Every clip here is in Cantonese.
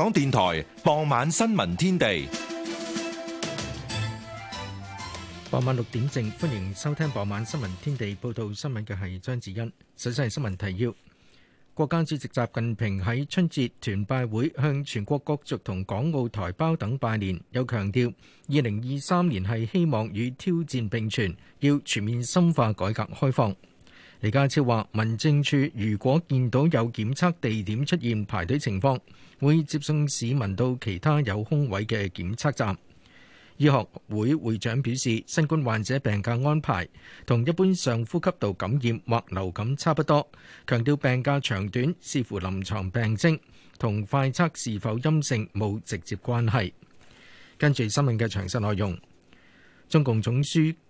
港電台傍晚新聞天地，傍晚六點正歡迎收聽傍晚新聞天地。報道新聞嘅係張智欣。首先係新聞提要：國家主席習近平喺春節團拜會向全國各族同港澳台胞等拜年，又強調二零二三年係希望與挑戰並存，要全面深化改革開放。李家超話：民政處如果見到有檢測地點出現排隊情況，會接送市民到其他有空位嘅檢測站。醫學會會長表示，新冠患者病假安排同一般上呼吸道感染或流感差不多，強調病假長短視乎臨床病徵，同快測是否陰性冇直接關係。跟住新聞嘅詳細內容，中共總書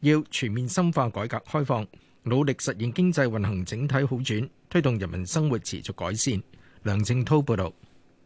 要全面深化改革開放，努力實現經濟運行整體好轉，推動人民生活持續改善。梁正濤報道。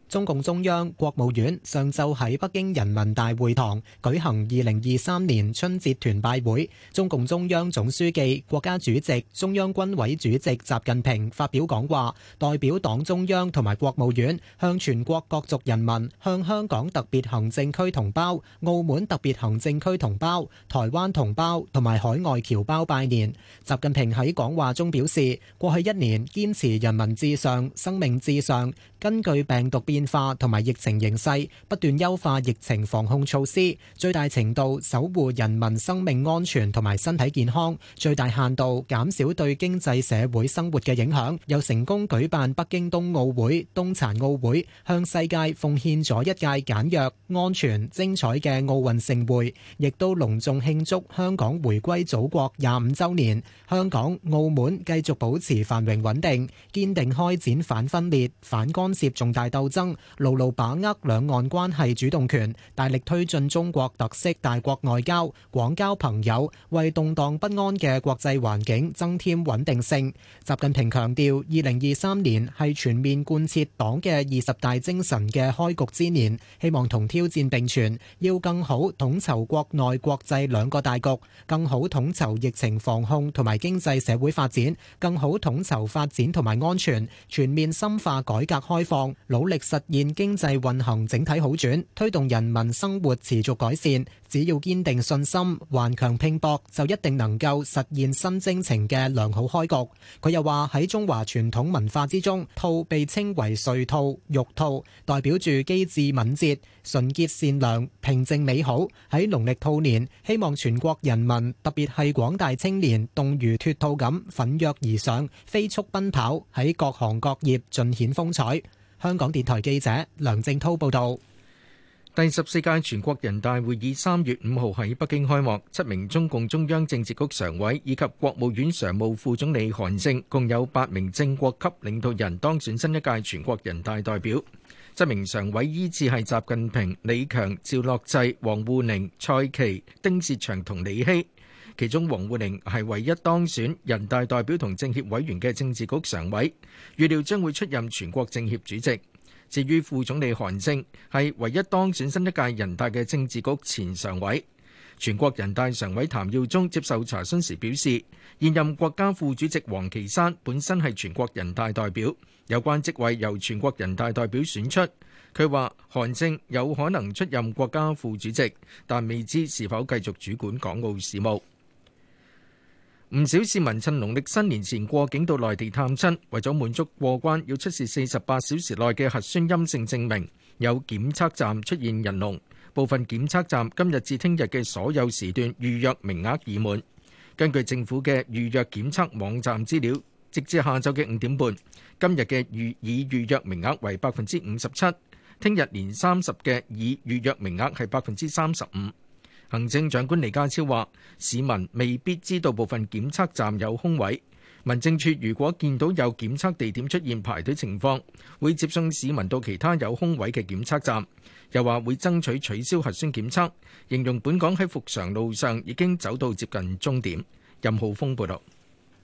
中共中央、國務院上晝喺北京人民大會堂舉行二零二三年春節團拜會，中共中央總書記、國家主席、中央軍委主席習近平發表講話，代表黨中央同埋國務院向全國各族人民、向香港特別行政區同胞、澳門特別行政區同胞、台灣同胞同埋海外僑胞拜年。習近平喺講話中表示，過去一年堅持人民至上、生命至上。根據病毒變化同埋疫情形勢，不斷優化疫情防控措施，最大程度守護人民生命安全同埋身體健康，最大限度減少對經濟社會生活嘅影響。又成功舉辦北京冬奧會、冬殘奧會，向世界奉獻咗一屆簡約、安全、精彩嘅奧運盛會。亦都隆重慶祝香港回歸祖國廿五週年，香港、澳門繼續保持繁榮穩定，堅定開展反分裂、反干涉重大鬥爭，牢牢把握兩岸關係主動權，大力推進中國特色大國外交，廣交朋友，為動蕩不安嘅國際環境增添穩定性。習近平強調，二零二三年係全面貫徹黨嘅二十大精神嘅開局之年，希望同挑戰並存，要更好統籌國內國際兩個大局，更好統籌疫情防控同埋經濟社會發展，更好統籌發展同埋安全，全面深化改革開。放，努力實現經濟運行整體好轉，推動人民生活持續改善。只要堅定信心、頑強拼搏，就一定能夠實現新征程嘅良好開局。佢又話：喺中華傳統文化之中，兔被稱為瑞兔、玉兔，代表住機智敏捷、純潔善良、平靜美好。喺農曆兔年，希望全國人民特別係廣大青年，動如脱兔咁奮躍而上，飛速奔跑，喺各行各業盡顯風采。香港電台記者梁靜滔報道。第十四屆全國人大會議三月五號喺北京開幕，七名中共中央政治局常委以及國務院常務副總理韓正，共有八名正國級領導人當選新一屆全國人大代表。七名常委依次係習近平、李強、趙樂際、王滬寧、蔡奇、丁薛祥同李希，其中王滬寧係唯一當選人大代表同政協委員嘅政治局常委，預料將會出任全國政協主席。至於副總理韓正係唯一當選新一屆人大嘅政治局前常委，全國人大常委譚耀宗接受查詢時表示，現任國家副主席王岐山本身係全國人大代表，有關職位由全國人大代表選出。佢話韓正有可能出任國家副主席，但未知是否繼續主管港澳事務。唔少市民趁農曆新年前過境到內地探親，為咗滿足過關，要出示四十八小時內嘅核酸陰性證明。有檢測站出現人龍，部分檢測站今日至聽日嘅所有時段預約名額已滿。根據政府嘅預約檢測網站資料，直至下晝嘅五點半，今日嘅預已預約名額為百分之五十七，聽日年三十嘅已預約名額係百分之三十五。行政長官李家超話：市民未必知道部分檢測站有空位，民政處如果見到有檢測地點出現排隊情況，會接送市民到其他有空位嘅檢測站。又話會爭取取消核酸檢測，形容本港喺復常路上已經走到接近終點。任浩峰報道。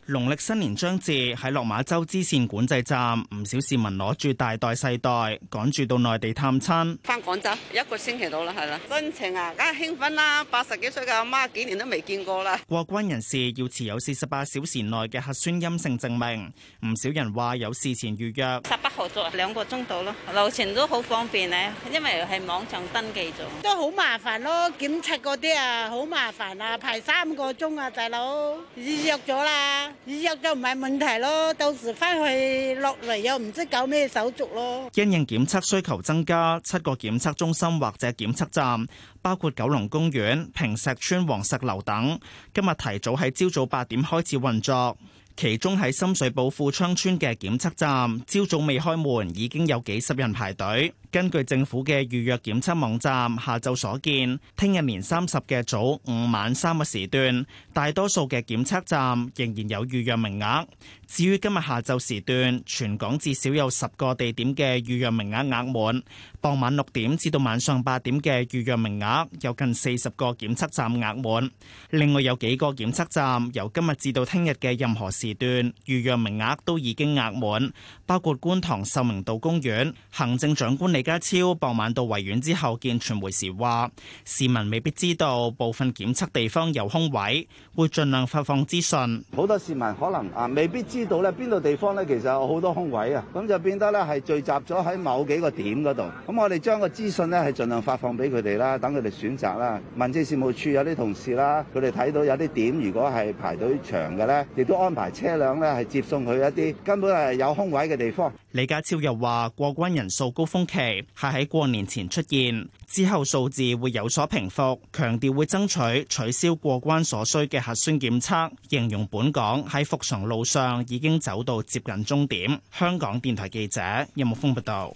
農曆新年將至，喺落馬洲支線管制站，唔少市民攞住大袋細袋，趕住到內地探親。翻廣州一個星期到啦，係啦，心情啊梗係興奮啦，啊！八十幾歲嘅阿媽，媽幾年都未見過啦。過關人士要持有四十八小時內嘅核酸陰性證明，唔少人話有事前預約。十八號做兩個鐘到咯，流程都好方便呢，啊，因為係網上登記咗。都好麻煩咯，啊，檢測嗰啲啊好麻煩啊，排三個鐘啊，大佬預約咗啦。預約就唔係問題咯，到時返去落嚟又唔知搞咩手續咯。因應檢測需求增加，七個檢測中心或者檢測站，包括九龍公園、坪石村、黃石樓等，今日提早喺朝早八點開始運作。其中喺深水埗富昌村嘅檢測站，朝早未開門已經有幾十人排隊。根據政府嘅預約檢測網站，下晝所見，聽日年三十嘅早午晚三個時段，大多數嘅檢測站仍然有預約名額。至於今日下晝時段，全港至少有十個地點嘅預約名額額滿。傍晚六點至到晚上八點嘅預約名額有近四十個檢測站額滿。另外有幾個檢測站由今日至到聽日嘅任何時段預約名額都已經額滿，包括觀塘秀明道公園。行政長官李家超傍晚到維園之後見傳媒時話，市民未必知道部分檢測地方有空位，會盡量發放資訊。好多市民可能啊未必知道咧邊度地方咧其實有好多空位啊，咁就變得咧係聚集咗喺某幾個點嗰度。咁我哋將個資訊咧係盡量發放俾佢哋啦，等佢哋選擇啦。民政事務處有啲同事啦，佢哋睇到有啲點如果係排隊長嘅咧，亦都安排。車輛咧係接送去一啲根本係有空位嘅地方。李家超又話：過關人數高峰期係喺過年前出現，之後數字會有所平復。強調會爭取取消過關所需嘅核酸檢測。形容本港喺復常路上已經走到接近終點。香港電台記者任木峯報道。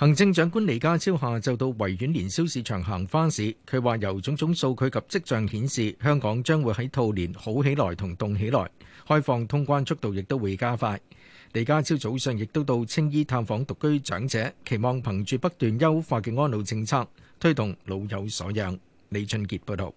行政長官李家超下晝到維園年宵市場行花市，佢話由種種數據及跡象顯示，香港將會喺兔年好起來同動起來，開放通關速度亦都會加快。李家超早上亦都到青衣探訪獨居長者，期望憑住不斷優化嘅安老政策推動老有所養。李俊杰報道。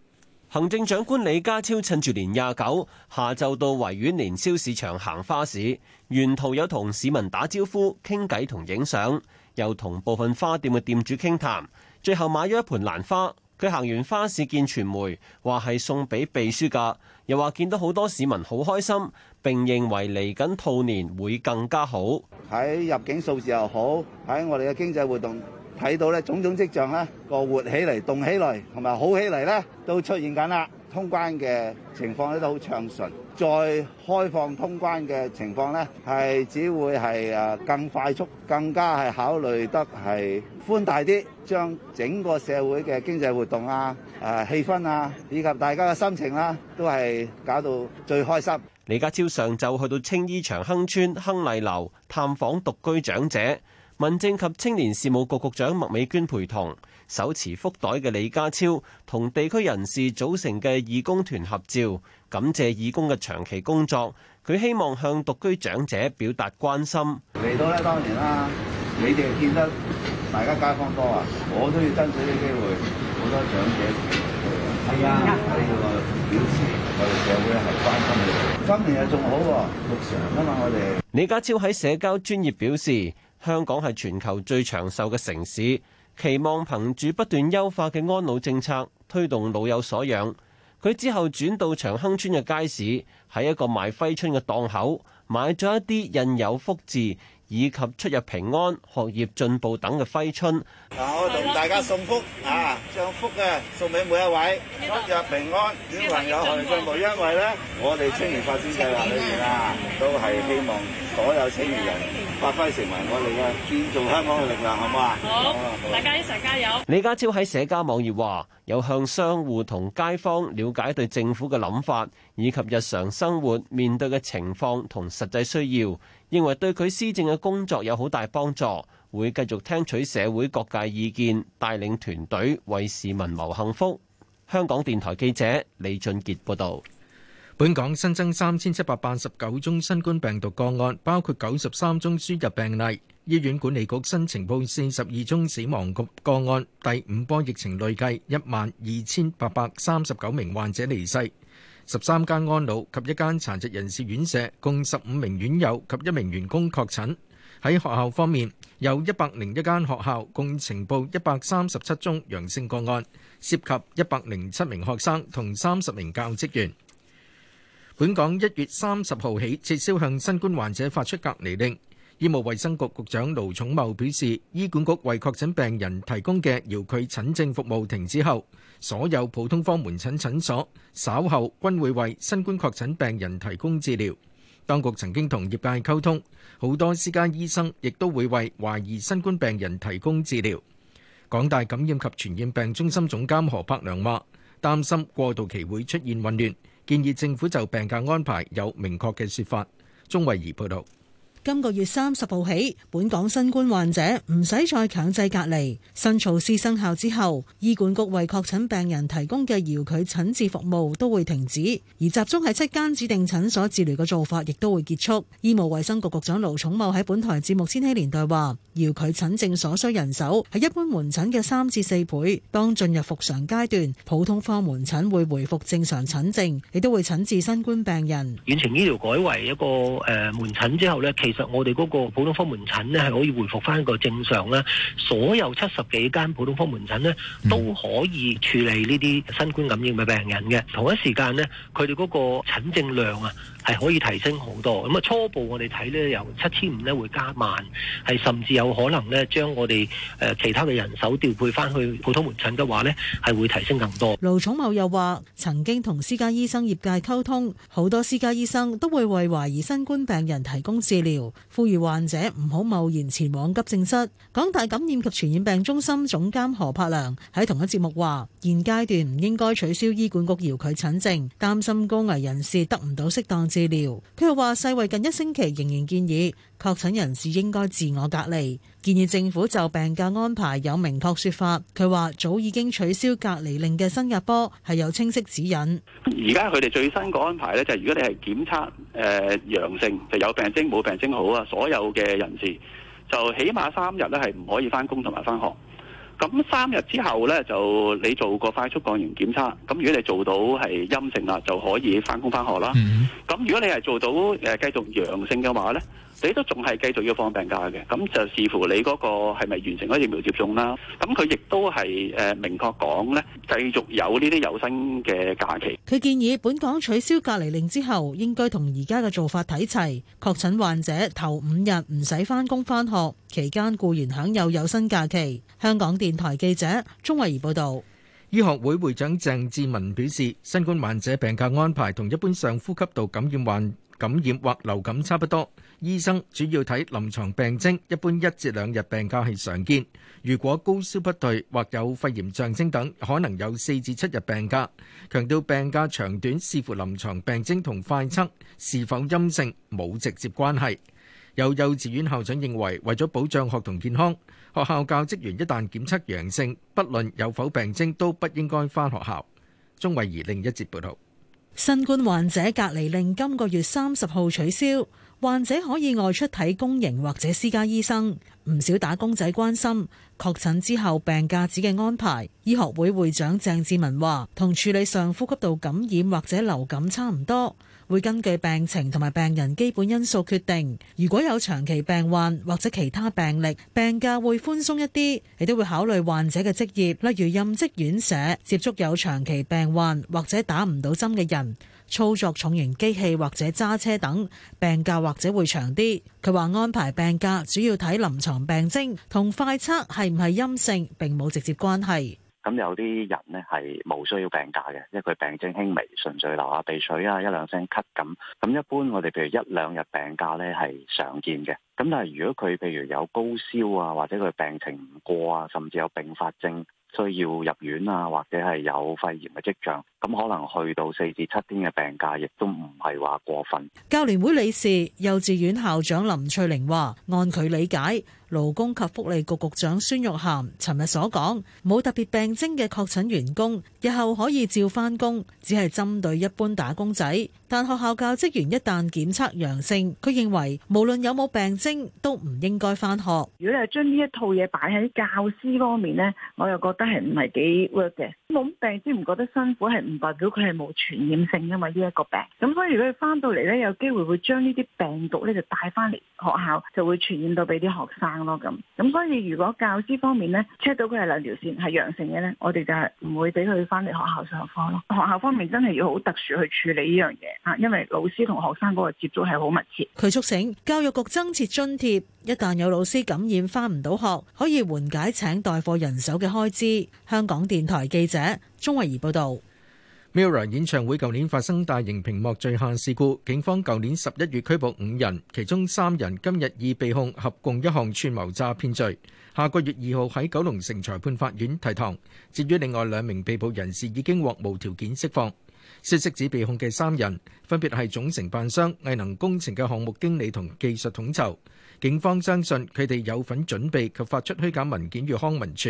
行政長官李家超趁住年廿九下晝到維園年宵市場行花市，沿途有同市民打招呼、傾偈同影相。又同部分花店嘅店主傾談，最後買咗一盆蘭花。佢行完花市見傳媒，話，係送俾秘書噶，又話見到好多市民好開心，並認為嚟緊兔年會更加好。喺入境數字又好，喺我哋嘅經濟活動睇到咧，種種跡象咧個活起嚟、動起嚟同埋好起嚟咧，都出現緊啦。通關嘅情況咧都好暢順。再開放通關嘅情況呢，係只會係誒更快速、更加係考慮得係寬大啲，將整個社會嘅經濟活動啊、誒、啊、氣氛啊，以及大家嘅心情啦、啊，都係搞到最開心。李家超上晝去到青衣長亨村亨麗樓探訪獨居長者，民政及青年事務局局，局長麥美娟陪同。手持福袋嘅李家超同地區人士組成嘅義工團合照，感謝義工嘅長期工作。佢希望向獨居長者表達關心。嚟到呢，當然啦，你哋見得大家街坊多啊，我都要爭取啲機會，好多長者，係啊，我哋要話表示我哋社會係關心嘅。今年又仲好喎，六成啊嘛，我哋。李家超喺社交專業表示，香港係全球最長壽嘅城市。期望憑住不斷優化嘅安老政策，推動老有所養。佢之後轉到長亨村嘅街市，喺一個賣揮春嘅檔口買咗一啲印有福字，以及出入平安、學業進步等嘅揮春。嗱，我同大家送福啊，將福嘅送俾每一位出入平安、小朋友學業進步。因為呢，我哋青年發展計劃裏面啊，都係希望所有青年人發揮成為我哋嘅駐足香港嘅力量，好唔好啊？好，大家一齊加油。李家超喺社交網頁話。有向商戶同街坊了解對政府嘅諗法，以及日常生活面對嘅情況同實際需要，認為對佢施政嘅工作有好大幫助，會繼續聽取社會各界意見，帶領團隊為市民謀幸福。香港電台記者李俊杰報道。本港新增三千七百八十九宗新冠病毒個案，包括九十三宗輸入病例。醫院管理局新呈報四十二宗死亡嘅個案，第五波疫情累計一萬二千八百三十九名患者離世。十三間安老及一間殘疾人士院舍共十五名院友及一名員工確診。喺學校方面，有一百零一間學校共呈報一百三十七宗陽性個案，涉及一百零七名學生同三十名教職員。本港一月三十號起撤銷向新冠患者發出隔離令。醫務衛生局局長盧寵茂表示，醫管局為確診病人提供嘅遙距診症服務停止後，所有普通科門診診所稍後均會為新冠確診病人提供治療。當局曾經同業界溝通，好多私家醫生亦都會為懷疑新冠病人提供治療。港大感染及傳染病中心總監何柏良話，擔心過渡期會出現混亂，建議政府就病假安排有明確嘅說法。鍾慧儀報道。今個月三十號起，本港新冠患者唔使再強制隔離。新措施生效之後，醫管局為確診病人提供嘅遙距診治服務都會停止，而集中喺七間指定診所治療嘅做法亦都會結束。醫務衛生局局長盧寵茂喺本台節目《千禧年代》話，遙距診症所需人手係一般門診嘅三至四倍。當進入復常階段，普通科門診會回復正常診症，亦都會診治新冠病人。遠程醫療改為一個誒、呃、門診之後咧，其實我哋嗰個普通科門診咧，係可以回復翻個正常啦，所有七十幾間普通科門診咧都可以處理呢啲新冠感染嘅病人嘅，同一時間咧佢哋嗰個診症量啊，係可以提升好多，咁啊初步我哋睇咧，由七千五咧會加萬，係甚至有可能咧將我哋誒其他嘅人手調配翻去普通門診嘅話咧，係會提升更多。盧寵茂又話：曾經同私家醫生業界溝通，好多私家醫生都會為懷疑新冠病人提供治療，呼籲患者唔好貿然前往急症室。港大感染及傳染病中心總監何柏良喺同一節目話：現階段唔應該取消醫管局遙距診症，擔心高危人士得唔到適當治療，佢又話：世衞近一星期仍然建議確診人士應該自我隔離，建議政府就病假安排有明確説法。佢話早已經取消隔離令嘅新加坡係有清晰指引。而家佢哋最新個安排咧、就是，就係如果你係檢測誒、呃、陽性，就有病徵冇病徵好啊，所有嘅人士就起碼三日咧係唔可以返工同埋返學。咁三日之後咧，就你做個快速抗原檢測。咁如果你做到係陰性啦，就可以翻工翻學啦。咁、mm hmm. 如果你係做到誒繼續陽性嘅話咧？你都仲係繼續要放病假嘅，咁就視乎你嗰個係咪完成咗疫苗接種啦。咁佢亦都係誒明確講咧，繼續有呢啲有薪嘅假期。佢建議本港取消隔離令之後，應該同而家嘅做法睇齊，確診患者頭五日唔使翻工翻學，期間僱員享有有薪假期。香港電台記者鍾慧儀報道，醫學會會長鄭志文表示，新冠患者病假安排同一般上呼吸道感染患感染或流感差不多。醫生主要睇臨床病徵，一般一至兩日病假係常見。如果高燒不退或有肺炎象徵等，可能有四至七日病假。強調病假長短視乎臨床病徵同快測是否陰性，冇直接關係。有幼稚園校長認為，為咗保障學童健康，學校教職員一旦檢測陽性，不論有否病徵，都不應該返學校。鍾慧儀另一節報道。新冠患者隔離令今個月三十號取消，患者可以外出睇公營或者私家醫生。唔少打工仔關心，確診之後病假紙嘅安排。醫學會會長鄭志文話，同處理上呼吸道感染或者流感差唔多。會根據病情同埋病人基本因素決定。如果有長期病患或者其他病歷，病假會寬鬆一啲。亦都會考慮患者嘅職業，例如任職院舍，接觸有長期病患或者打唔到針嘅人，操作重型機器或者揸車等，病假或者會長啲。佢話安排病假主要睇臨床病徵，同快測係唔係陰性並冇直接關係。咁有啲人呢，係冇需要病假嘅，因為佢病徵輕微，純粹流下鼻水啊，一兩聲咳咁。咁一般我哋譬如一兩日病假呢，係常見嘅。咁但係如果佢譬如有高燒啊，或者佢病情唔過啊，甚至有併發症需要入院啊，或者係有肺炎嘅跡象，咁可能去到四至七天嘅病假，亦都唔係話過分。教聯會理事、幼稚園校長林翠玲話，按佢理解。勞工及福利局局長孫玉菡尋日所講，冇特別病徵嘅確診員工日後可以照翻工，只係針對一般打工仔。但學校教職員一旦檢測陽性，佢認為無論有冇病徵都唔應該翻學。如果你係將呢一套嘢擺喺教師方面呢，我又覺得係唔係幾 work 嘅。冇病徵，唔覺得辛苦，係唔代表佢係冇傳染性噶嘛？呢一個病咁，所以如果佢翻到嚟呢，有機會會將呢啲病毒呢就帶翻嚟學校，就會傳染到俾啲學生。咁，咁所以如果教師方面咧 check 到佢係兩條線，係陽性嘅呢，我哋就係唔會俾佢翻嚟學校上課咯。學校方面真係要好特殊去處理呢樣嘢啊，因為老師同學生嗰個接觸係好密切。佢促請教育局增設津貼，一旦有老師感染翻唔到學，可以緩解請代課人手嘅開支。香港電台記者鍾慧儀報道。Mirror 演唱會舊年發生大型屏幕墜下事故，警方舊年十一月拘捕五人，其中三人今日已被控合共一項串謀詐騙罪。下個月二號在九龍城裁判法院提堂，至於另外兩名被捕人士已經獲無條件釋放。消息指被控的三人，分別是總承辦商，藝能工程的項目經理和技術統籌。警方相信他們有份準備及發出虛假文件與康文署。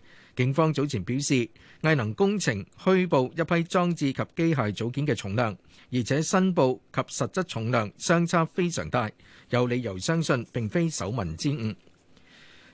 警方早前表示，藝能工程虛報一批裝置及機械組件嘅重量，而且申報及實質重量相差非常大，有理由相信並非手民之誤。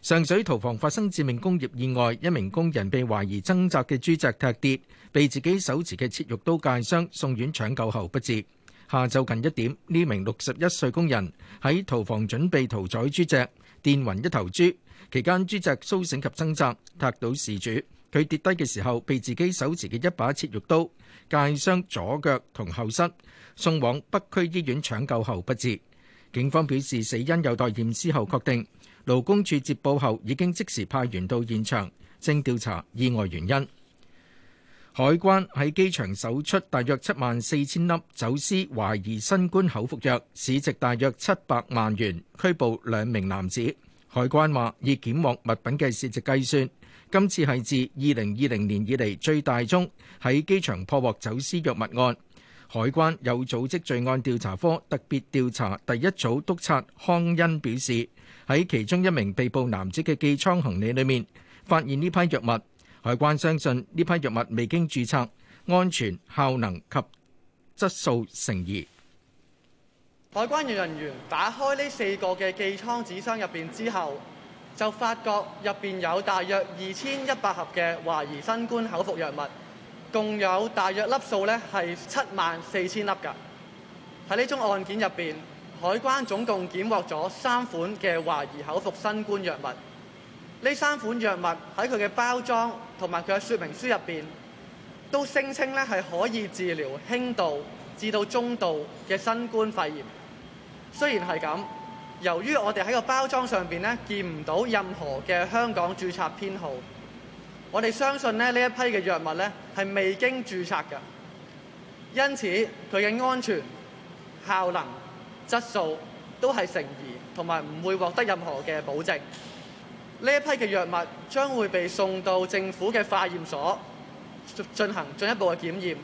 上水屠房發生致命工業意外，一名工人被懷疑掙扎嘅豬隻踢跌，被自己手持嘅切肉刀 𠝹 傷，送院搶救後不治。下晝近一點，呢名六十一歲工人喺屠房準備屠宰豬隻，電暈一頭豬。期間，豬隻甦醒及掙扎，踢到事主。佢跌低嘅時候，被自己手持嘅一把切肉刀，界傷左腳同後膝，送往北區醫院搶救後不治。警方表示死因有待驗屍後確定。勞工處接報後已經即時派員到現場，正調查意外原因。海關喺機場搜出大約七萬四千粒走私懷疑新冠口服藥，市值大約七百萬元，拘捕兩名男子。海關話以檢獲物品嘅市值計算，今次係自二零二零年以嚟，最大宗喺機場破獲走私藥物案。海關有組織罪案調查科特別調查第一組督察康恩表示，喺其中一名被捕男子嘅寄艙行李裏面，發現呢批藥物。海關相信呢批藥物未經注冊，安全效能及質素成疑。海關人員打開呢四個嘅寄艙紙箱入邊之後，就發覺入邊有大約二千一百盒嘅懷疑新冠口服藥物，共有大約粒數咧係七萬四千粒㗎。喺呢宗案件入邊，海關總共檢獲咗三款嘅懷疑口服新冠藥物。呢三款藥物喺佢嘅包裝同埋佢嘅說明書入邊，都聲稱咧係可以治療輕度至到中度嘅新冠肺炎。雖然係咁，由於我哋喺個包裝上邊咧見唔到任何嘅香港註冊編號，我哋相信咧呢一批嘅藥物咧係未經註冊㗎，因此佢嘅安全、效能、質素都係成疑，同埋唔會獲得任何嘅保證。呢一批嘅藥物將會被送到政府嘅化驗所進行進一步嘅檢驗，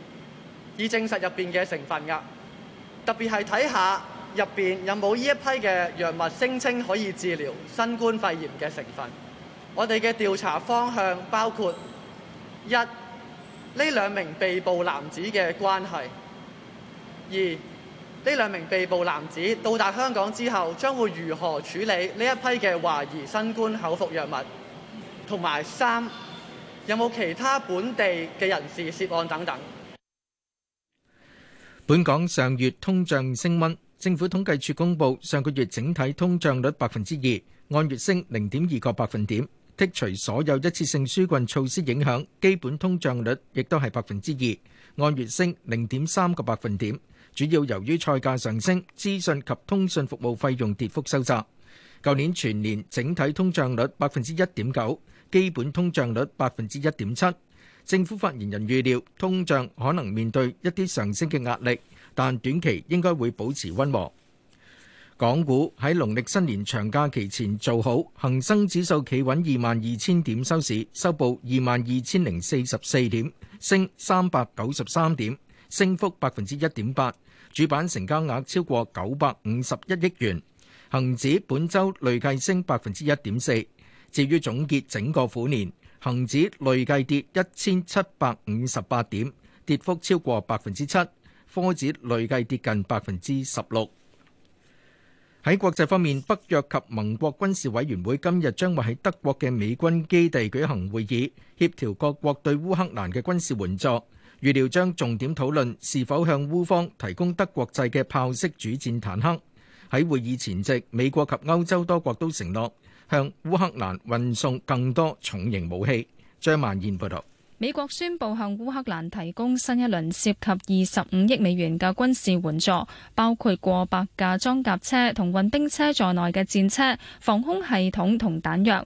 以證實入邊嘅成分噶。特別係睇下。入邊有冇呢一批嘅藥物聲稱可以治療新冠肺炎嘅成分？我哋嘅調查方向包括一、呢兩名被捕男子嘅關係；二、呢兩名被捕男子到達香港之後將會如何處理呢一批嘅華爾新冠口服藥物；同埋三、有冇其他本地嘅人士涉案等等。本港上月通脹升溫。政府統計處公布上個月整體通脹率百分之二，按月升零點二個百分點。剔除所有一次性紓困措施影響，基本通脹率亦都係百分之二，按月升零點三個百分點。主要由於菜價上升，資訊及通訊服務費用跌幅收窄。舊年全年整體通脹率百分之一點九，基本通脹率百分之一點七。政府發言人預料通脹可能面對一啲上升嘅壓力。但短期應該會保持溫和。港股喺農曆新年長假期前做好，恒生指數企穩二萬二千點收市，收報二萬二千零四十四點，升三百九十三點，升幅百分之一點八。主板成交額超過九百五十一億元，恒指本周累計升百分之一點四。至於總結整個虎年，恒指累計跌一千七百五十八點，跌幅超過百分之七。科指累計跌近百分之十六。喺國際方面，北約及盟國軍事委員會今日將會喺德國嘅美軍基地舉行會議，協調各國對烏克蘭嘅軍事援助。預料將重點討論是否向烏方提供德國製嘅豹式主戰坦克。喺會議前夕，美國及歐洲多國都承諾向烏克蘭運送更多重型武器。張萬燕報道。美國宣布向烏克蘭提供新一輪涉及二十五億美元嘅軍事援助，包括過百架裝甲車同運兵車在內嘅戰車、防空系統同彈藥。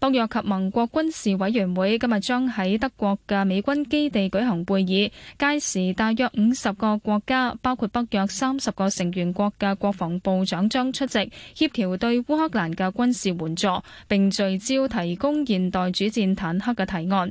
北約及盟國軍事委員會今日將喺德國嘅美軍基地舉行會議，屆時大約五十個國家，包括北約三十個成員國嘅國防部長將出席，協調對烏克蘭嘅軍事援助，並聚焦提供現代主戰坦克嘅提案。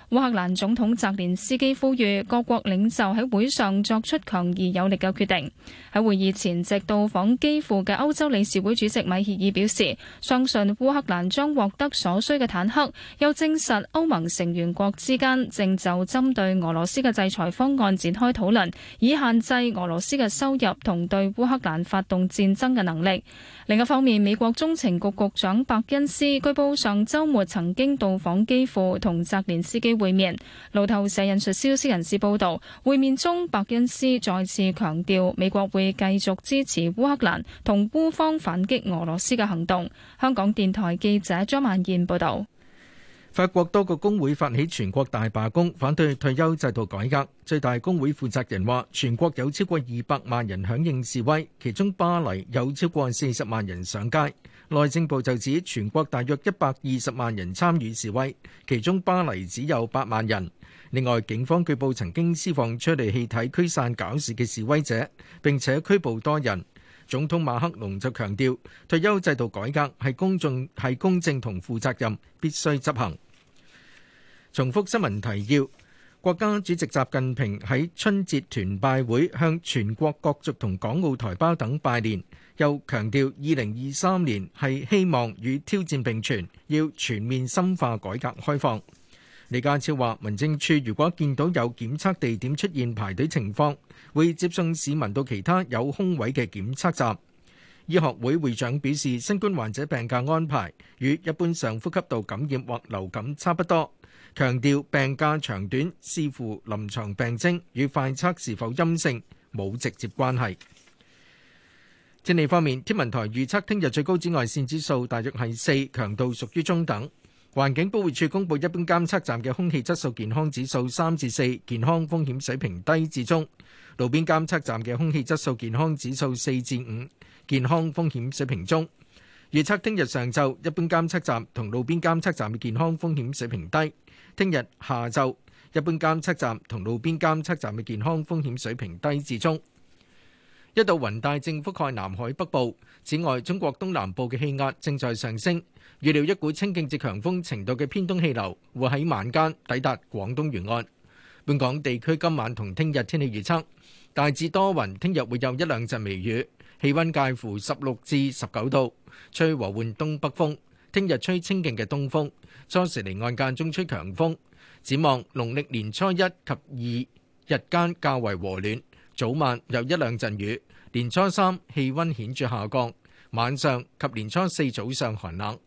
烏克蘭總統澤連斯基呼籲各國領袖喺會上作出強而有力嘅決定。喺會議前夕到訪基輔嘅歐洲理事會主席米歇爾表示，相信烏克蘭將獲得所需嘅坦克，又證實歐盟成員國之間正就針對俄羅斯嘅制裁方案展開討論，以限制俄羅斯嘅收入同對烏克蘭發動戰爭嘅能力。另一方面，美國中情局局長伯恩斯據報上週末曾經到訪基輔同澤連斯基會面。路透社引述消息人士報道，會面中伯恩斯再次強調美國會繼續支持烏克蘭同烏方反擊俄羅斯嘅行動。香港電台記者張曼燕報導。法國多個工會發起全國大罷工，反對退休制度改革。最大工會負責人話，全國有超過二百萬人響應示威，其中巴黎有超過四十萬人上街。內政部就指全國大約一百二十萬人參與示威，其中巴黎只有八萬人。另外，警方據報曾經施放出嚟氣體驅散搞事嘅示威者，並且拘捕多人。總統馬克龍就強調，退休制度改革係公眾係公正同負責任，必須執行。重複新聞提要：國家主席習近平喺春節團拜會向全國各族同港澳台胞等拜年，又強調二零二三年係希望與挑戰並存，要全面深化改革開放。李家超話：民政處如果見到有檢測地點出現排隊情況，會接送市民到其他有空位嘅檢測站。醫學會會長表示，新冠患者病假安排與一般上呼吸道感染或流感差不多，強調病假長短視乎臨床病徵與快測是否陰性冇直接關係。天氣方面，天文台預測聽日最高紫外線指數大約係四，強度屬於中等。環境保護署公布，一般監測站嘅空氣質素健康指數三至四，健康風險水平低至中；路邊監測站嘅空氣質素健康指數四至五，健康風險水平中。預測聽日上晝，一般監測站同路邊監測站嘅健康風險水平低；聽日下晝，一般監測站同路邊監測站嘅健康風險水平低至中。一道雲帶正覆蓋南海北部，此外，中國東南部嘅氣壓正在上升。預料一股清勁至強風程度嘅偏東氣流會喺晚間抵達廣東沿岸。本港地區今晚同聽日天氣預測大致多雲，聽日會有一兩陣微雨，氣温介乎十六至十九度，吹和緩東北風。聽日吹清勁嘅東風，初時離岸間中吹強風。展望農曆年初一及二日間較為和暖，早晚有一兩陣雨；年初三氣温顯著下降，晚上及年初四早上寒冷。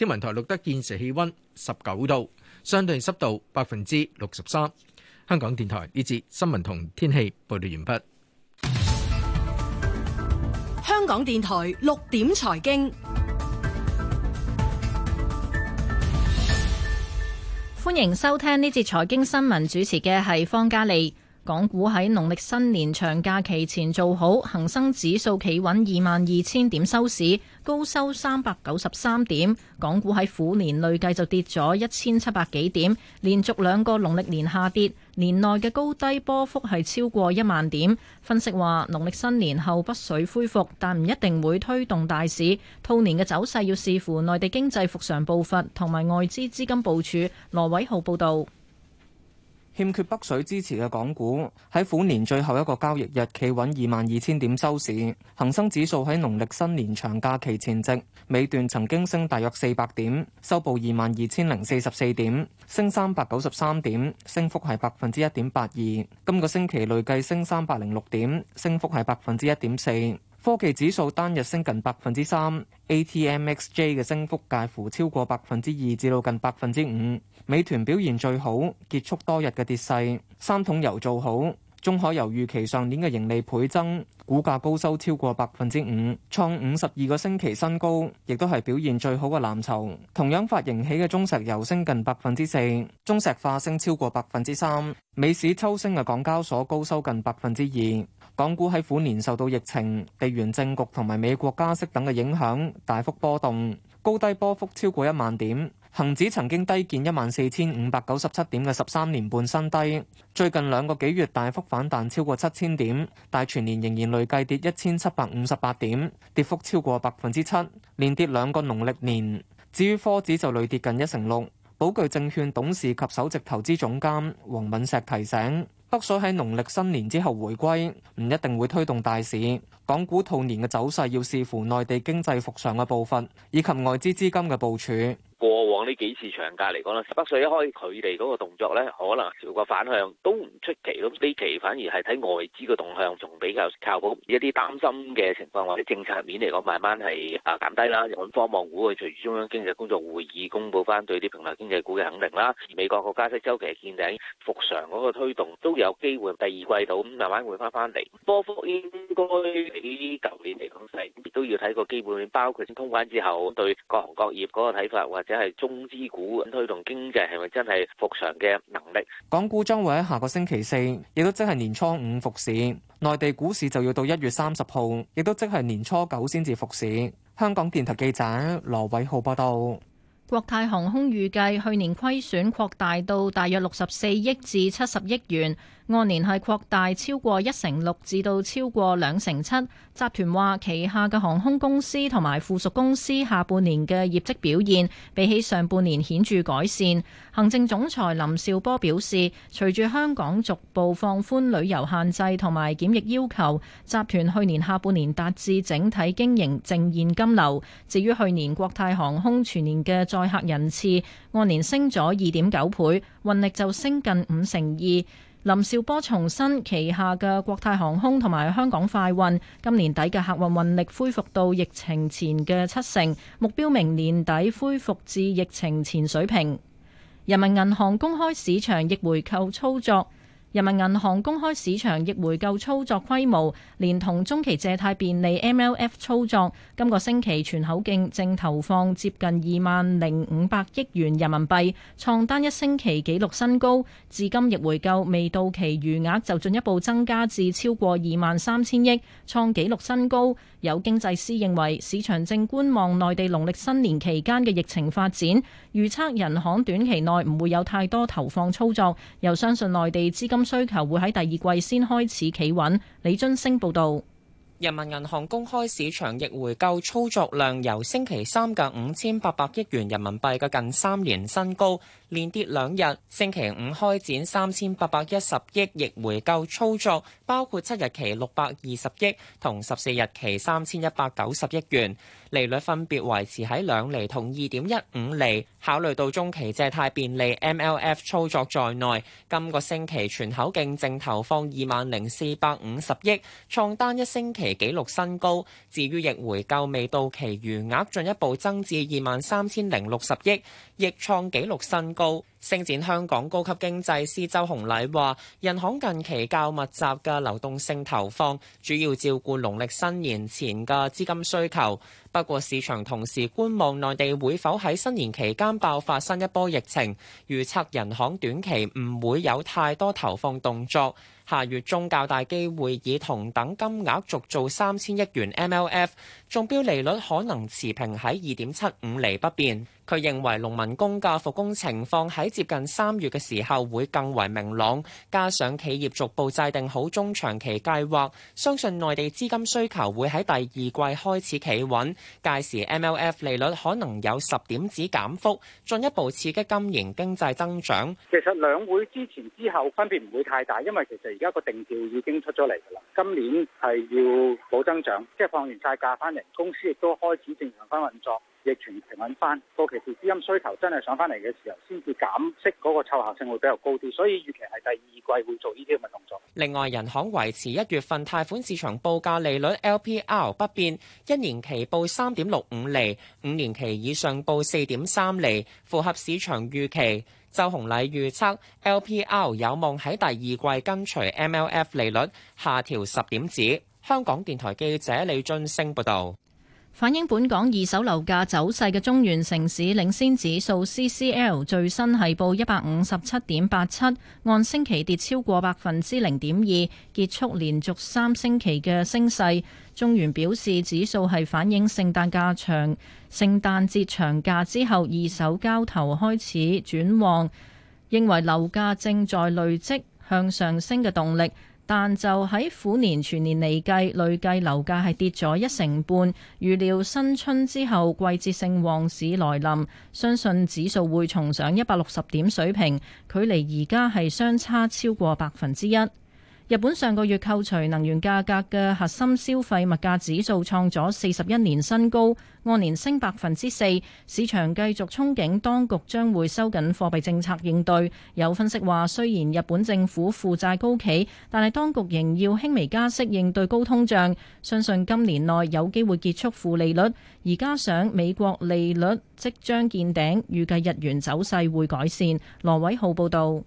天文台錄得現時氣温十九度，相對濕度百分之六十三。香港電台呢節新聞同天氣報道完畢。香港電台六點財經，歡迎收聽呢節財經新聞，主持嘅係方嘉利。港股喺農曆新年長假期前做好，恒生指數企穩二萬二千點收市，高收三百九十三點。港股喺虎年累計就跌咗一千七百幾點，連續兩個農曆年下跌，年內嘅高低波幅係超過一萬點。分析話農曆新年後北水恢復，但唔一定會推動大市。兔年嘅走勢要視乎內地經濟復常步伐同埋外資資金部署。羅偉浩報道。欠缺北水支持嘅港股喺虎年最後一個交易日企穩二萬二千點收市。恒生指數喺農曆新年長假期前夕，尾段曾經升大約四百點，收報二萬二千零四十四點，升三百九十三點，升幅係百分之一點八二。今個星期累計升三百零六點，升幅係百分之一點四。科技指數單日升近百分之三，ATMXJ 嘅升幅介乎超過百分之二至到近百分之五。美團表現最好，結束多日嘅跌勢。三桶油做好，中海油預期上年嘅盈利倍增，股價高收超過百分之五，創五十二個星期新高，亦都係表現最好嘅藍籌。同樣發盈喜嘅中石油升近百分之四，中石化升超過百分之三。美市抽升嘅港交所高收近百分之二。港股喺虎年受到疫情、地緣政局同埋美國加息等嘅影響，大幅波動，高低波幅超過一萬點。恒指曾經低見一萬四千五百九十七點嘅十三年半新低，最近兩個幾月大幅反彈超過七千點，但全年仍然累計跌一千七百五十八點，跌幅超過百分之七，連跌兩個農曆年。至於科指就累跌近一成六。寶具證券董事及首席投資總監黃敏石提醒，北水喺農曆新年之後回歸唔一定會推動大市，港股兔年嘅走勢要視乎內地經濟復常嘅步伐以及外資資金嘅部署。過往呢幾次長假嚟講啦，北水一開佢哋嗰個動作咧，可能個反向都唔出奇。咁呢期反而係睇外資嘅動向，仲比較靠譜一啲擔心嘅情況，或者政策面嚟講，慢慢係啊減低啦，日本科網股。隨住中央經濟工作會議公布翻對啲平台經濟股嘅肯定啦，美國個加息週期見頂復常嗰個推動都有機會第二季度咁慢慢會回翻翻嚟，波幅應該比舊年嚟講細，亦都要睇個基本面，包括通關之後對各行各業嗰個睇法或亦係中資股推動經濟，係咪真係復常嘅能力？港股將會喺下個星期四，亦都即係年初五復市。內地股市就要到一月三十號，亦都即係年初九先至復市。香港電台記者羅偉浩報道。國泰航空預計去年虧損擴大到大約六十四億至七十億元，按年係擴大超過一成六至到超過兩成七。集團話旗下嘅航空公司同埋附屬公司下半年嘅業績表現比起上半年顯著改善。行政總裁林紹波表示，隨住香港逐步放寬旅遊限制同埋檢疫要求，集團去年下半年達至整體經營淨現金流。至於去年國泰航空全年嘅載客人次按年升咗二點九倍，運力就升近五成二。林紹波重申旗下嘅國泰航空同埋香港快運今年底嘅客運運力恢復到疫情前嘅七成，目標明年底恢復至疫情前水平。人民銀行公開市場逆回購操作。人民銀行公開市場逆回購操作規模，連同中期借貸便利 MLF 操作，今個星期全口徑淨投放接近二萬零五百億元人民幣，創單一星期紀錄新高。至今逆回購未到期餘額就進一步增加至超過二萬三千億，創紀錄新高。有經濟師認為，市場正觀望內地農曆新年期間嘅疫情發展，預測人行短期內唔會有太多投放操作，又相信內地資金需求會喺第二季先開始企穩。李津星報導，人民銀行公開市場逆回購操作量由星期三嘅五千八百億元人民幣嘅近三年新高。連跌兩日，星期五開展三千八百一十億逆回購操作，包括七日期六百二十億同十四日期三千一百九十億元，利率分別維持喺兩厘同二點一五厘。考慮到中期借貸便利 MLF 操作在內，今個星期全口徑淨投放二萬零四百五十億，創單一星期紀錄新高。至於逆回購未到期餘額進一步增至二萬三千零六十億，亦創紀錄新高。高盛展香港高級經濟師周紅禮話：人行近期較密集嘅流動性投放，主要照顧農曆新年前嘅資金需求。不過市場同時觀望內地會否喺新年期間爆發新一波疫情，預測人行短期唔會有太多投放動作。下月中較大機會以同等金額續做三千億元 MLF，中標利率可能持平喺二點七五厘不變，佢認為農民工嘅復工情況喺接近三月嘅時候會更為明朗，加上企業逐步制定好中長期計劃，相信內地資金需求會喺第二季開始企穩，屆時 MLF 利率可能有十點子減幅，進一步刺激金融經濟增長，其實兩會之前之後分別唔會太大，因為其實。而家個定調已經出咗嚟㗎啦，今年係要保增長，即係放完曬假翻嚟，公司亦都開始正常翻運作，疫情平穩翻，個期貨資金需求真係上翻嚟嘅時候，先至減息嗰個湊效性會比較高啲，所以預期係第二季會做呢啲咁嘅動作。另外，人行維持一月份貸款市場報價利率 LPR 不變，一年期報三點六五厘，五年期以上報四點三厘，符合市場預期。周洪禮預測 l p r 有望喺第二季跟隨 MLF 利率下調十點子。香港電台記者李俊升報道。反映本港二手樓價走勢嘅中原城市領先指數 CCL 最新係報一百五十七點八七，按星期跌超過百分之零點二，結束連續三星期嘅升勢。中原表示，指數係反映聖誕假長，聖誕節長假之後二手交投開始轉旺，認為樓價正在累積向上升嘅動力。但就喺虎年全年嚟計，累計樓價係跌咗一成半。預料新春之後季節性旺市來臨，相信指數會重上一百六十點水平，距離而家係相差超過百分之一。日本上個月扣除能源價格嘅核心消費物價指數創咗四十一年新高，按年升百分之四。市場繼續憧憬當局將會收緊貨幣政策應對。有分析話，雖然日本政府負債高企，但係當局仍要輕微加息應對高通脹，相信今年內有機會結束負利率，而加上美國利率即將見頂，預計日元走勢會改善。羅偉浩報導。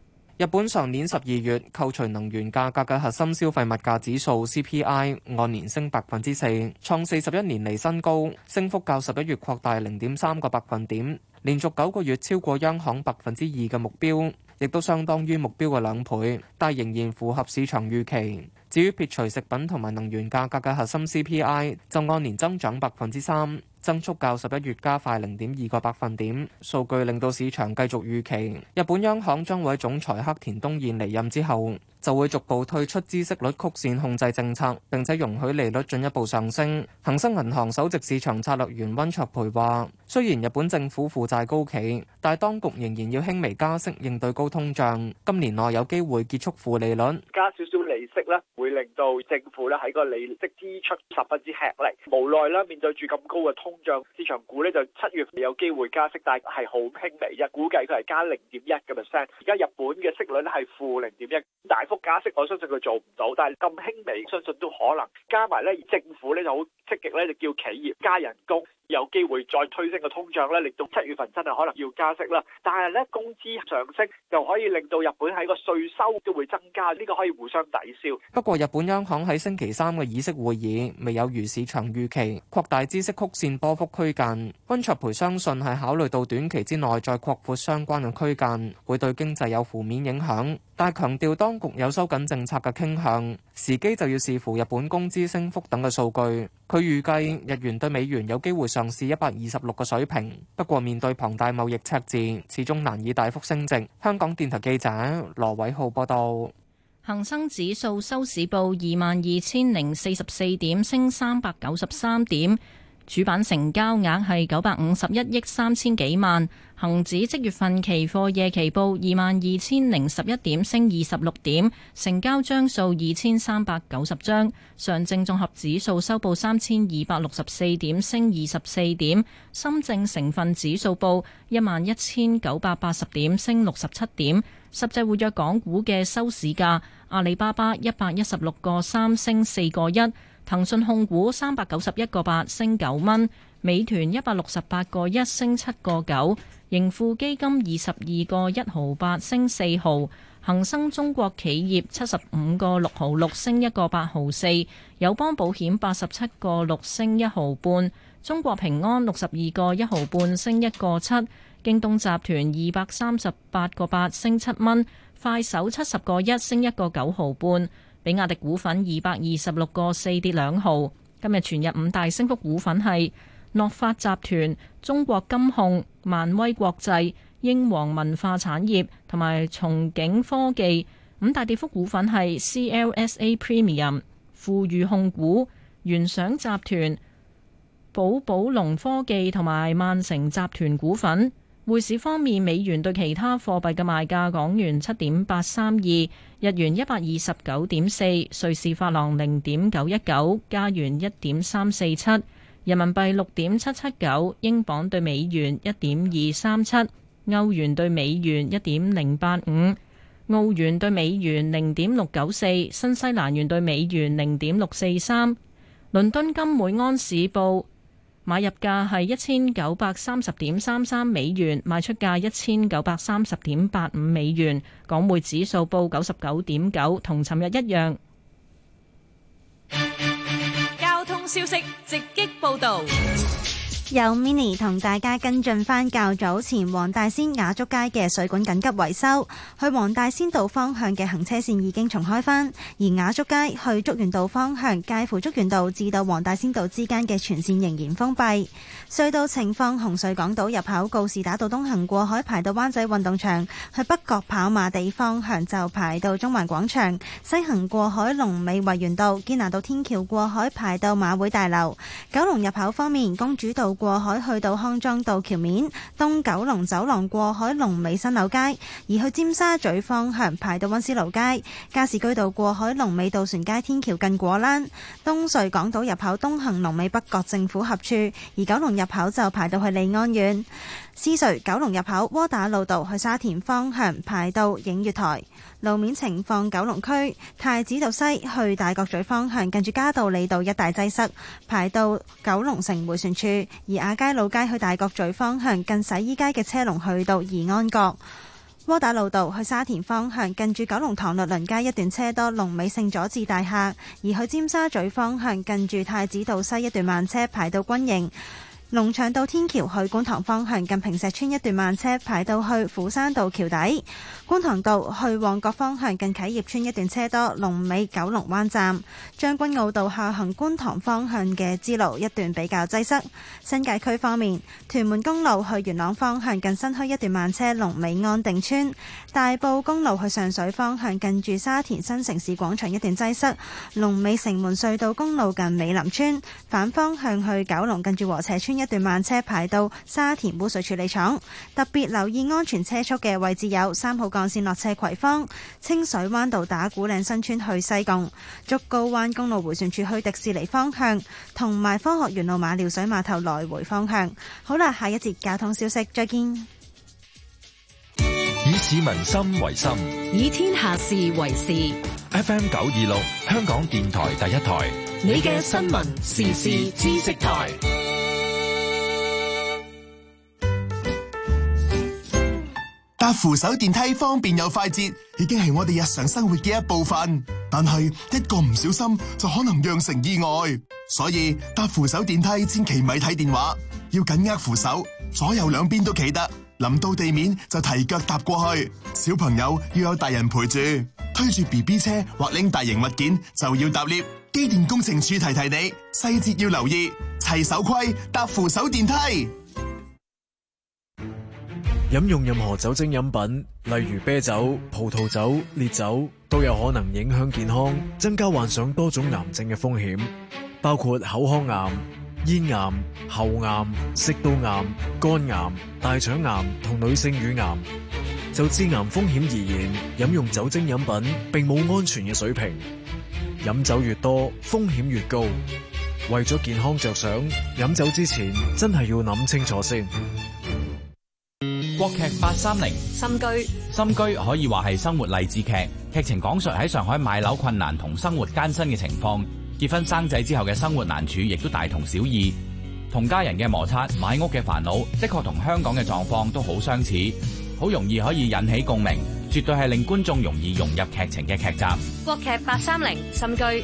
日本上年十二月扣除能源價格嘅核心消費物價指數 CPI 按年升百分之四，創四十一年嚟新高，升幅較十一月擴大零點三個百分點，連續九個月超過央行百分之二嘅目標，亦都相當於目標嘅兩倍，但仍然符合市場預期。至於撇除食品同埋能源價格嘅核心 CPI，就按年增長百分之三。增速較十一月加快零點二個百分點，數據令到市場繼續預期，日本央行將會總裁黑田東彥離任之後，就會逐步退出孳息率曲線控制政策，並且容許利率進一步上升。恒生銀行，行首席市場策略員温卓培話，雖然日本政府負債高企，但係當局仍然要輕微加息應對高通脹，今年內有機會結束負利率。加少少利息咧，會令到政府咧喺個利息支出十分之吃力，無奈啦，面對住咁高嘅通。通脹市場估咧就七月份有機會加息，但係好輕微一，估計佢係加零點一嘅 percent。而家日本嘅息率咧係負零點一，大幅加息我相信佢做唔到，但係咁輕微相信都可能。加埋咧，政府咧就好積極咧，就叫企業加人工，有機會再推升個通脹咧。令到七月份真係可能要加息啦。但係咧，工資上升又可以令到日本喺個稅收都會增加，呢個可以互相抵消。不過日本央行喺星期三嘅議息會議未有如市場預期擴大孳息曲線。波幅區間，溫卓培相信係考慮到短期之內再擴闊相關嘅區間，會對經濟有負面影響。但係強調，當局有收緊政策嘅傾向，時機就要視乎日本工資升幅等嘅數據。佢預計日元對美元有機會上試一百二十六嘅水平，不過面對龐大貿易赤字，始終難以大幅升值。香港電台記者羅偉浩報道，恒生指數收市報二萬二千零四十四點，升三百九十三點。主板成交額係九百五十一億三千幾萬，恒指即月份期貨夜期報二萬二千零十一點，升二十六點，成交張數二千三百九十張。上證綜合指數收報三千二百六十四點，升二十四點。深證成分指數報一萬一千九百八十點，升六十七點。十隻活躍港股嘅收市價，阿里巴巴一百一十六個三升四個一。騰訊控股三百九十一個八升九蚊，美團一百六十八個一升七個九，盈富基金二十二個一毫八升四毫，恒生中國企業七十五個六毫六升一個八毫四，友邦保險八十七個六升一毫半，中國平安六十二個一毫半升一個七，京東集團二百三十八個八升七蚊，快手七十個一升一個九毫半。比亞迪股份二百二十六個四跌兩毫。今日全日五大升幅股份係諾發集團、中國金控、萬威國際、英皇文化產業同埋松景科技。五大跌幅股份係 CLSA Premium、富裕控股、元想集團、寶寶龍科技同埋萬城集團股份。匯市方面，美元對其他貨幣嘅賣價：港元七點八三二，日元一百二十九點四，瑞士法郎零點九一九，加元一點三四七，人民幣六點七七九，英鎊對美元一點二三七，歐元對美元一點零八五，澳元對美元零點六九四，新西蘭元對美元零點六四三。倫敦金每安士報。買入價係一千九百三十點三三美元，賣出價一千九百三十點八五美元，港匯指數報九十九點九，同尋日一樣。交通消息直擊報道。有 mini 同大家跟進返較早前黃大仙雅竹街嘅水管緊急維修，去黃大仙道方向嘅行車線已經重開返，而雅竹街去竹園道方向、介乎竹園道至到黃大仙道之間嘅全線仍然封閉。隧道情況：紅隧港島入口告士打道東行過海排到灣仔運動場，去北角跑馬地方向就排到中環廣場；西行過海龍尾維園道堅拿道天橋過海排到馬會大樓。九龍入口方面，公主道。過海去到康莊道橋面，東九龍走廊過海龍尾新柳街；而去尖沙咀方向排到溫思勞街、加士居道過海龍尾渡船街天橋近果欄；東隧港島入口東行龍尾北角政府合署，而九龍入口就排到去利安苑。獅隧九龍入口，窩打老道去沙田方向排到映月台路面情況。九龍區太子道西去大角咀方向近住嘉道理道，一帶擠塞，排到九龍城回旋處。而亞皆老街去大角咀方向近洗衣街嘅車龍去到宜安閣。窩打老道去沙田方向近住九龍塘律倫街一段車多，龍尾性佐治大廈。而去尖沙咀方向近住太子道西一段慢車排到軍營。龍翔道天橋去觀塘方向近坪石村一段慢車排到去斧山道橋底，觀塘道去旺角方向近啟業村一段車多，龍尾九龍灣站，將軍澳道下行觀塘方向嘅支路一段比較擠塞。新界區方面，屯門公路去元朗方向近新墟一段慢車，龍尾安定村，大埔公路去上水方向近住沙田新城市廣場一段擠塞，龍尾城門隧道公路近美林村反方向去九龍近住和宜合一段慢車排到沙田污水處理廠，特別留意安全車速嘅位置有三號幹線落車葵芳、清水灣道打鼓嶺新村去西貢、竹篙灣公路回旋處去迪士尼方向，同埋科學園路馬料水碼頭來回方向。好啦，下一節交通消息，再見。以市民心為心，以天下事為事。FM 九二六，香港電台第一台，你嘅新聞、時事、知識台。搭扶手電梯方便又快捷，已經係我哋日常生活嘅一部分。但係一個唔小心就可能釀成意外，所以搭扶手電梯千祈咪睇電話，要緊握扶手，左右兩邊都企得。臨到地面就提腳踏過去。小朋友要有大人陪住，推住 B B 車或拎大型物件就要搭 lift。機電工程處提提提你，細節要留意，齊守規搭扶手電梯。飲用任何酒精飲品，例如啤酒、葡萄酒、烈酒，都有可能影響健康，增加患上多種癌症嘅風險，包括口腔癌、咽癌、喉癌、食道癌、肝癌、大腸癌同女性乳癌。就致癌風險而言，飲用酒精飲品並冇安全嘅水平，飲酒越多風險越高。為咗健康着想，飲酒之前真係要諗清楚先。國劇八三零《心居》，心居可以話係生活勵志劇，劇情講述喺上海買樓困難同生活艱辛嘅情況，結婚生仔之後嘅生活難處亦都大同小異，同家人嘅摩擦、買屋嘅煩惱，的確同香港嘅狀況都好相似，好容易可以引起共鳴，絕對係令觀眾容易融入劇情嘅劇集。國劇八三零《心居》。